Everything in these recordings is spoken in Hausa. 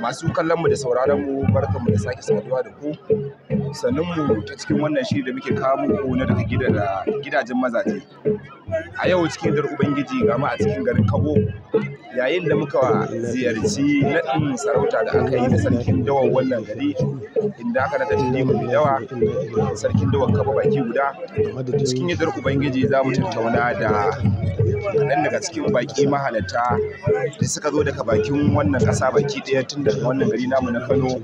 masu kallon mu da sauraron mu barkan mu da sake saduwa da ku sannan mu ta cikin wannan shiri da muke kawo muku na daga gidajen mazaje a yau cikin dar ubangiji ga a cikin garin kabo yayin da muka ziyarci naɗin sarauta da aka yi da sarkin dawan wannan gari inda aka naɗa talimu mu dawa. sarkin dawan kabo baki guda cikin yadda ubangiji za mu tattauna da kaɗan daga cikin baki mahalarta da suka zo daga bakin wannan ƙasa baki ɗaya tun da wannan gari namu na Kano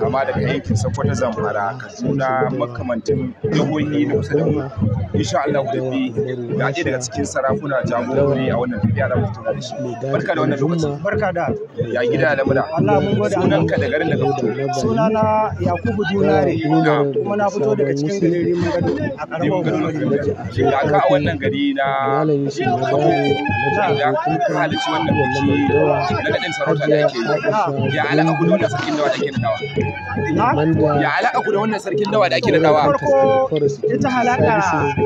kama daga yankin Sokoto Zamfara Kaduna makamantan jihohi na kusa da mu insha Allah guda biyu da daga cikin sarakuna jagorori a wannan tafiya da mutum da shi barka da wannan lokacin barka da ya gida da mura Allah mun gode sunan ka da garin da ka fito sunana Yakubu Dunare kuma na fito daga cikin garin Rimin Gado a karamar gwamnati shi ka a wannan gari na da ka halici wannan biki na daɗin sarauta da yake ya alaƙa ku da wannan sarkin dawa da ake nawa? ya alaƙa ku da wannan sarkin dawa da ake nadawa farko ita halaƙa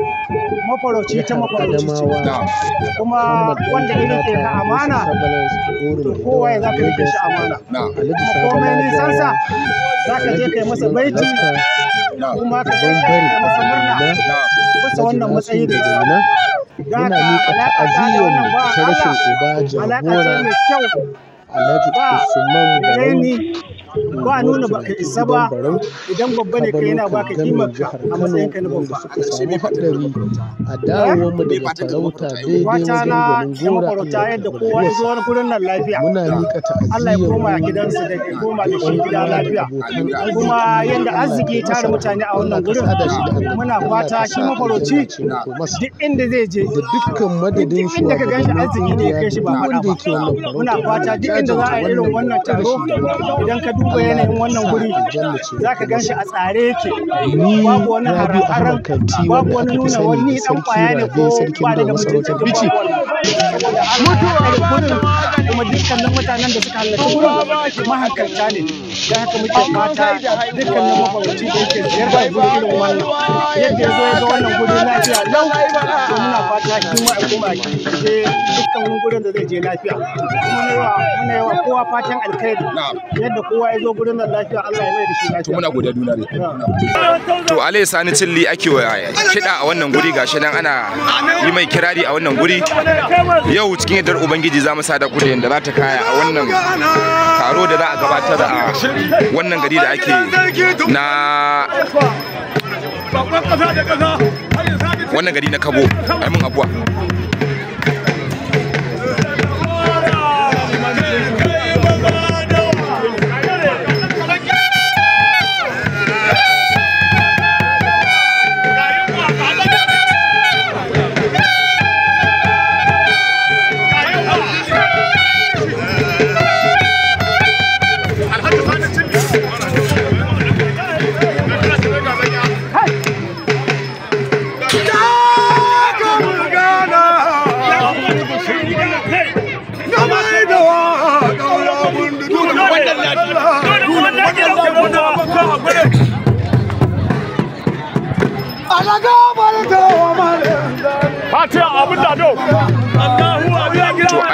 mafarauci ta mafarauci ce kuma wanda ya ke ka amana to kowa ya ka rike shi amana Kuma komai nisan sa ka je kai masa baiti kuma ka kai masa murna kusa wannan matsayi da ya Muna miƙa alaƙa ta rashin uba jagora Alhaji Usman Barau ba nuna baka isa ba idan babba ne kai yana baka kimar ka a matsayin ka na babba a ƙarshe bai fata a dawo mu da farauta daidai wajen gwanin gora yadda kowa ya zo wani gurin nan lafiya Allah ya koma gidansa da ya koma da shi gida lafiya kuma yadda arziki ya tare mutane a wannan gurin muna fata shi mafaroci duk inda zai je da dukkan madadin shi inda ka ganshi arziki ne ya kai shi ba fada ba muna fata duk inda za a yi irin wannan taro idan ka duba duba yanayin wannan guri za ka gan shi a tsare yake babu wani haraharan babu wani nuna wani dan kwaya ne ko ba da mutunci bici mutuwa gurin kuma dukkanin mutanen da suka halarci gurin mahakarta ne don haka muke fata dukkanin mafauci da yake ziyartar gurin irin wannan yadda ya zo ya ga wannan gudun lafiya lau to muna fata shi ma al'umma je dukkan wani gudun da zai je lafiya muna yawa muna yawa kowa fatan alkhairi yadda kowa ya zo gudun nan lafiya Allah ya mai da shi lafiya to muna godiya duna ne to alai sani cilli ake wa kiɗa a wannan guri gashi nan ana yi mai kirari a wannan guri yau cikin yardar ubangiji za mu sada ku da da za ta kaya a wannan taro da za a gabatar a wannan gari da ake na wannan gari na kabo mun abuwa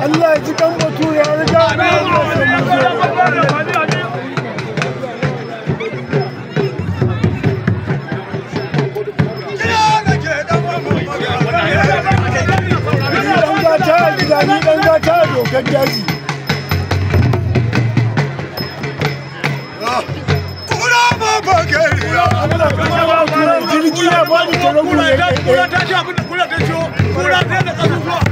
Allah ya ji kan batu ya riga na Ni dan gata dokar daji. Kura ba Kula gari. Kura ta ci abin da kura ta ciyo, kura ta da kasusuwa.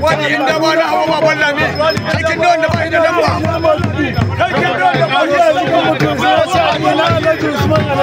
wani inda ba na hawa babban lami cikin don da ba inda damuwa cikin don da ba inda damuwa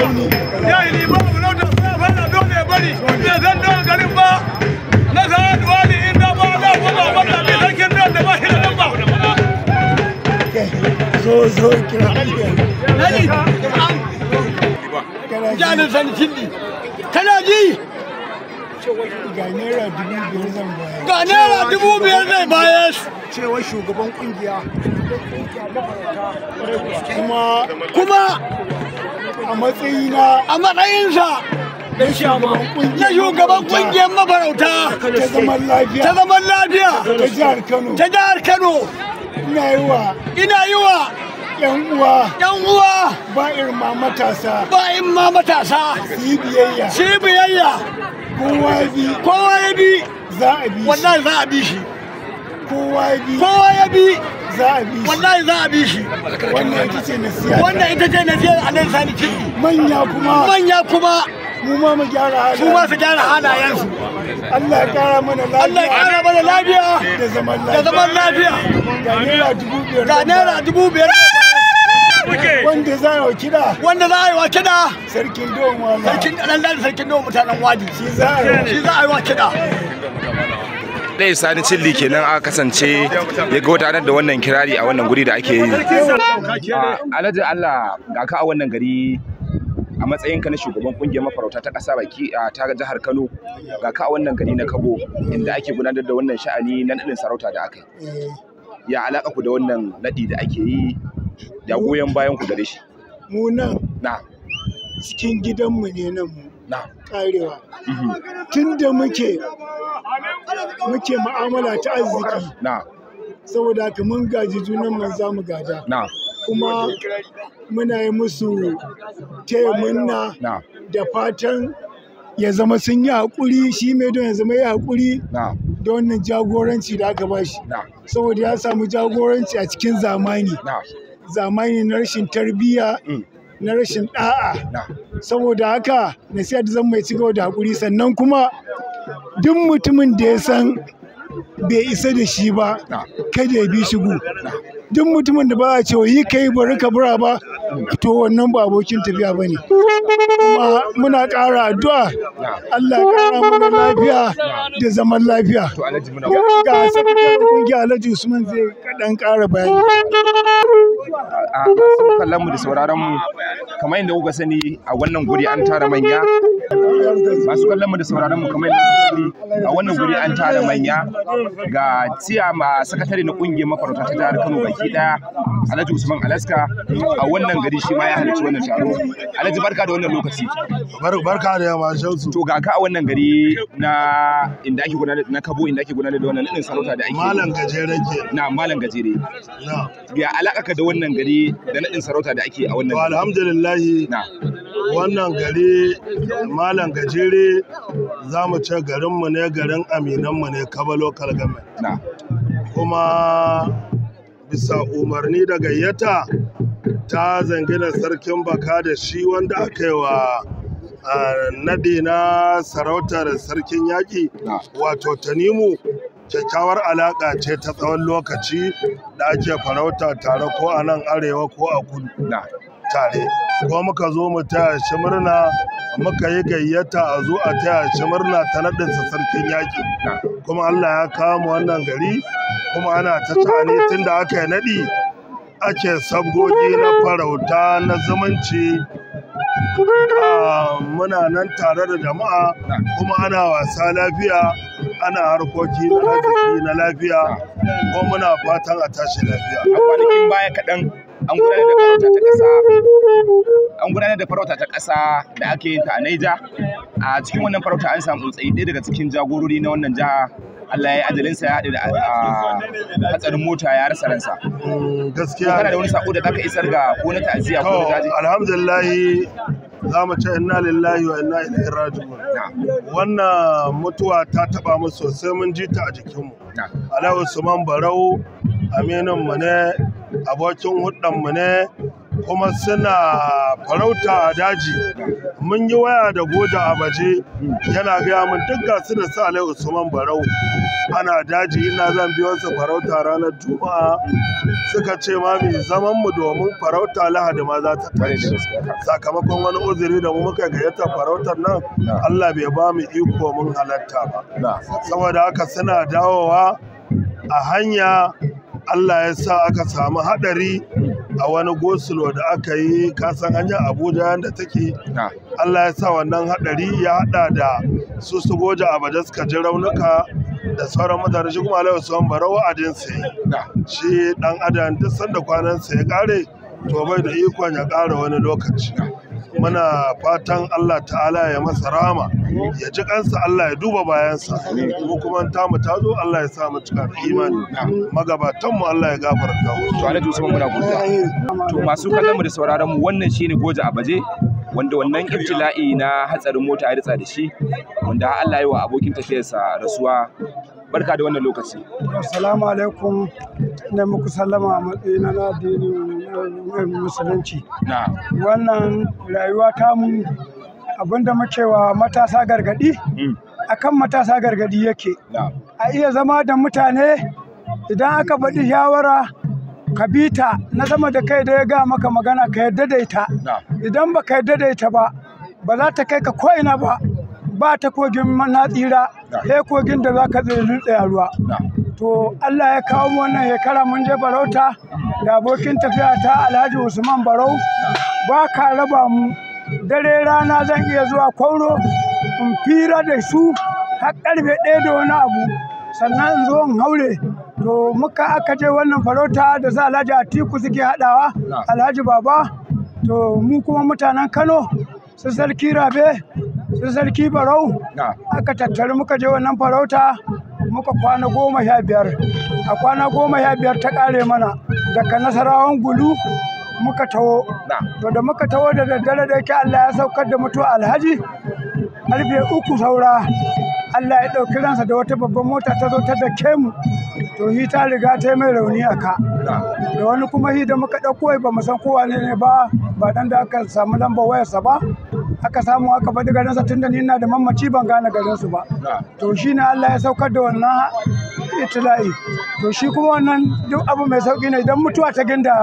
auni ya yi liman bulauta dole ya bari da zan dawo garin ba na zara duwali inda ba ba ba da ba ba zo zo kira nani san kana ji ga naira dubu biyar zai cewa shugaban kungiya kuma kuma a matsayina a matsayinsa na shugaban kungiyar mafarauta ta zaman lafiya ta zaman lafiya ta jihar kano ta jihar kano ina yi wa ina yi wa yan uwa yan uwa ba irin ma matasa ba irin ma matasa si biyayya su biyayya kowa ya bi kowa ya bi za a bi shi wannan za a bi shi kowa ya bi Kowa ya wallahi za a bi shi wannan ita ce nasiya wannan ita ce nasiya a nan sani ciki manya kuma manya kuma mu ma mu gyara halayen Mu ma su gyara halayen su Allah ya kara mana lafiya Allah ya kara mana lafiya da zaman lafiya da zaman lafiya ga naira dubu biyar ga naira dubu biyar wanda za a kiɗa. wanda za a yi wa kida sarkin don wala sarkin dan dan sarkin don mutanen wadi shi za a yi wa kida ɗaya sani cilli kenan aka kasance ya gudanar da wannan kirari a wannan guri da ake yi alhaji allah ga ka a wannan gari a matsayinka na shugaban kungiyar mafarauta ta ƙasa baki a ta jihar Kano ga ka a wannan gari na Kabo inda ake gudanar da wannan sha'ani na nadin sarauta da aka yi. Ya alaka ku da wannan nadi da ake yi da goyon bayan ku da shi. Mu nan na cikin gidanmu ne nan mu na karewa mhm. tun da muke muke ma'amala ta arziki saboda haka mun gaji junan mun za mu gada kuma muna yi musu taya munna da fatan ya zama sun yi hakuri, shi mai don ya zama ya haƙuri da wannan jagoranci da aka bashi saboda ya samu jagoranci a cikin zamani zamani na rashin tarbiyya mm. na rashin ɗa'a saboda haka nasiha da zan mai ci gaba da haƙuri sannan kuma duk mutumin da ya san bai isa da shi ba kada ya bi shigo duk mutumin da ba a cewa yi kai bari ka bura ba to wannan ba abokin tafiya ba ne kuma muna ƙara addu'a Allah ya ƙara mana lafiya da zaman lafiya ga sakataren kungiya Alhaji Usman zai kaɗan ƙara bayani a masu kallon mu da sauraron mu kamar yadda kuka sani a wannan guri an tara manya masu kallon mu da sauraron mu kamar yadda kuka sani a wannan guri an tara manya ga tiya ma sakatare na kungiyar makarantar ta jihar Kano baki daya Alhaji Usman Alaska a wannan wannan gari shi ma ya halarci wannan taro alhaji barka da wannan lokaci barka da yawa shamsu to ga ka a wannan gari na inda ake gudanar na kabo inda ake gudanar da wannan nadin sarauta da ake malam gajere ke na malam gajere na ya alaka ka da wannan gari da nadin sarauta da ake a wannan to alhamdulillah na wannan gari malam gajere za mu ce mu ne garin mu ne kaba local government kuma bisa umarni daga yata ta da sarkin baka da shi wanda aka yi wa nadi na sarautar sarkin yaƙi wato tanimu kyakkyawar alaƙa ce ta tsawon lokaci da ake farauta tare ko a nan arewa ko a kudu tare ko muka zo mu taya shi murna muka yi gayyata a zo a taya shi murna ta naɗinsa sarkin yaƙi kuma allah ya kama wannan gari kuma ana ta tsani tun da aka yi naɗi ake sabgogi na farauta na zumunci ah, muna nan tare da jama'a kuma ana wasa lafiya ana harkoki na arziki na lafiya kuma muna fatan a tashi lafiya a kwanakin baya kaɗan an gudanar da farauta ta ƙasa an gudanar da farauta ta ƙasa da ake yin ta a Naija a cikin wannan farauta an samu tsayi ɗaya daga cikin jagorori na wannan jiha Allah ya ajalin sa ya haɗu da hatsarin mota ya rasa ransa mm, gaskiya kana da wani sako da zaka isar ga ko na ta'aziyya ko na ta'aziyya alhamdulillah za mu ce inna lillahi wa inna ilaihi raji'un wannan mutuwa ta taba mu sosai mun ji ta a jikinmu Alhaji Usman Barau aminin mu ne abokin hudan mu ne kuma suna farauta a daji mun yi waya da goja a baje yana gaya min duk ga su da sa alai usman barau ana daji ina zan biyo su farauta ranar juma'a suka ce mami zaman mu domin farauta lahadi ma za ta tashi sakamakon wani uzuri da mu muka gayyata farautar nan Allah bai ba mu iko mun halatta ba saboda haka suna dawowa a hanya Allah ya sa aka samu haɗari a wani gosulo da aka yi kasan hanyar abuja yadda take allah ya sa wannan hadari ya hada da su su goja abaja suka ji raunuka da sauran mutane shi kuma alaihi wasu bara wa'adin sa shi dan adam duk sanda kwanan ya kare to bai da ikon ya kara wani lokaci muna fatan Allah ta'ala ya masa rama ya ji kansa Allah ya duba bayansa mu kuma ta mu ta zo Allah ya sa mu cika da imani magabatan mu Allah ya gafarta mu to alaikum salam muna godiya to masu kallon mu da sauraron mu wannan shine goje a baje wanda wannan ibtila'i na hatsarin mota ya ritsa da shi wanda Allah ya wa abokin tafiyarsa rasuwa barka da wannan lokaci assalamu alaikum ina muku sallama a matsayina na addinin musulunci wannan rayuwa mu abinda muke wa matasa gargadi mm. akan matasa gargadi yake a iya zama da mutane idan aka faɗi shawara ka bi ta na zama da kai da ya ga maka magana ka yarda da ita idan ba ka yarda da ita ba ba za ta kai ka ko'ina ba ba ta kogin na tsira kogin da za ka a ruwa to Allah ya kawo mu wannan shekara mun je barauta da abokin tafiya ta Alhaji Usman Barau ba ka raba mu dare rana zan iya zuwa kwauro in fira da su har karfe ɗaya da wani abu sannan in zo in haure to muka aka je wannan farauta da za alhaji atiku suke haɗawa alhaji baba to mu kuma mutanen kano su sarki rabe su sarki barau aka tattari muka je wannan farauta muka kwana goma sha biyar a kwana goma sha biyar ta ƙare mana daga nasarawan gulu muka taho to da muka taho da daddare da yake allah ya saukar da mutuwa alhaji karfe uku saura allah ya ɗauki ransa da wata babban mota ta zo ta da mu to hi ta riga ta yi mai rauni a ka da wani kuma hi da muka ɗauko ba mu san kowa ne ne ba ba dan da aka samu lambar wayarsa ba aka samu aka faɗi garinsa tunda ni ina da mamaci ban gane garinsu ba to shi ne Allah ya saukar da wannan itila'i to shi kuma wannan duk abu mai sauki ne idan mutuwa ta ginda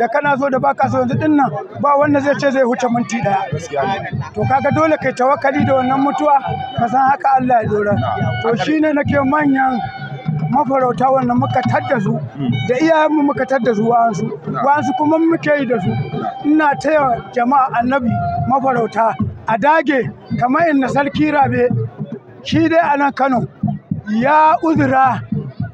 da kana so da baka so yanzu dinnan. ba wanda zai ce zai huce minti daya to kaga dole kai tawakkali da wannan mutuwa ka san haka Allah ya dora to shi ne nake manyan mafarauta wannan muka tadda su hmm. da iyayenmu muka tadda su wa'ansu wa'ansu kuma muke yi da su ina taya jama'a annabi mafarauta a dage kamar inna sarki rabe shi dai a nan kano ya uzura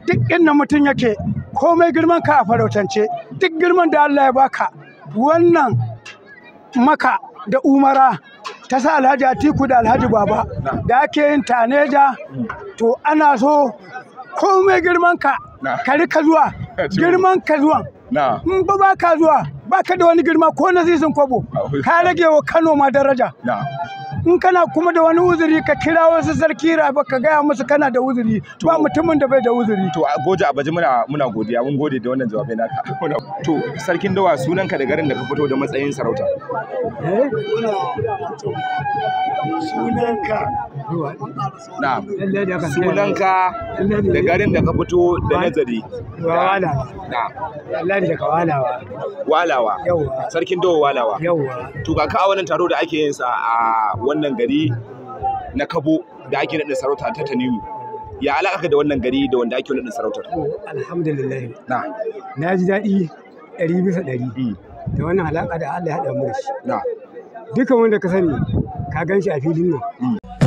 duk inda mutum yake komai girman ka a farautance duk girman da Allah ya baka wannan maka da umara ta sa alhaji atiku da alhaji baba da ake yin taneja hmm. to ana so komai girman ka ka rika zuwa girman ka zuwa in ba ba ka zuwa ba ka da wani girma ko na zisin kwabo ka rage wa Kano ma daraja in kana kuma da wani uzuri ka kira wasu sarki rabe ka gaya musu kana da uzuri ba mutumin da bai da uzuri to goje abaji muna muna godiya mun gode da wannan jawabai naka to sarkin dawa sunanka da garin da ka fito da matsayin sarauta eh ka na sunanka da garin da ka fito da nazari wala na wallahi daga walawa walawa sarkin dawa walawa yauwa to ka a wannan taro da ake yin sa a wannan gari na Kabo da ake nadin sarauta ta Tanimu. Ya alaƙa da wannan gari da wanda ake naɗin sarautar? Alhamdulillah. Na. Na ji daɗi ɗari bisa ɗari. Mm. Da wannan alaƙa da Allah ya haɗa mu da shi. Na. dukkan wanda ka sani ka gan shi a filin nan. Mm.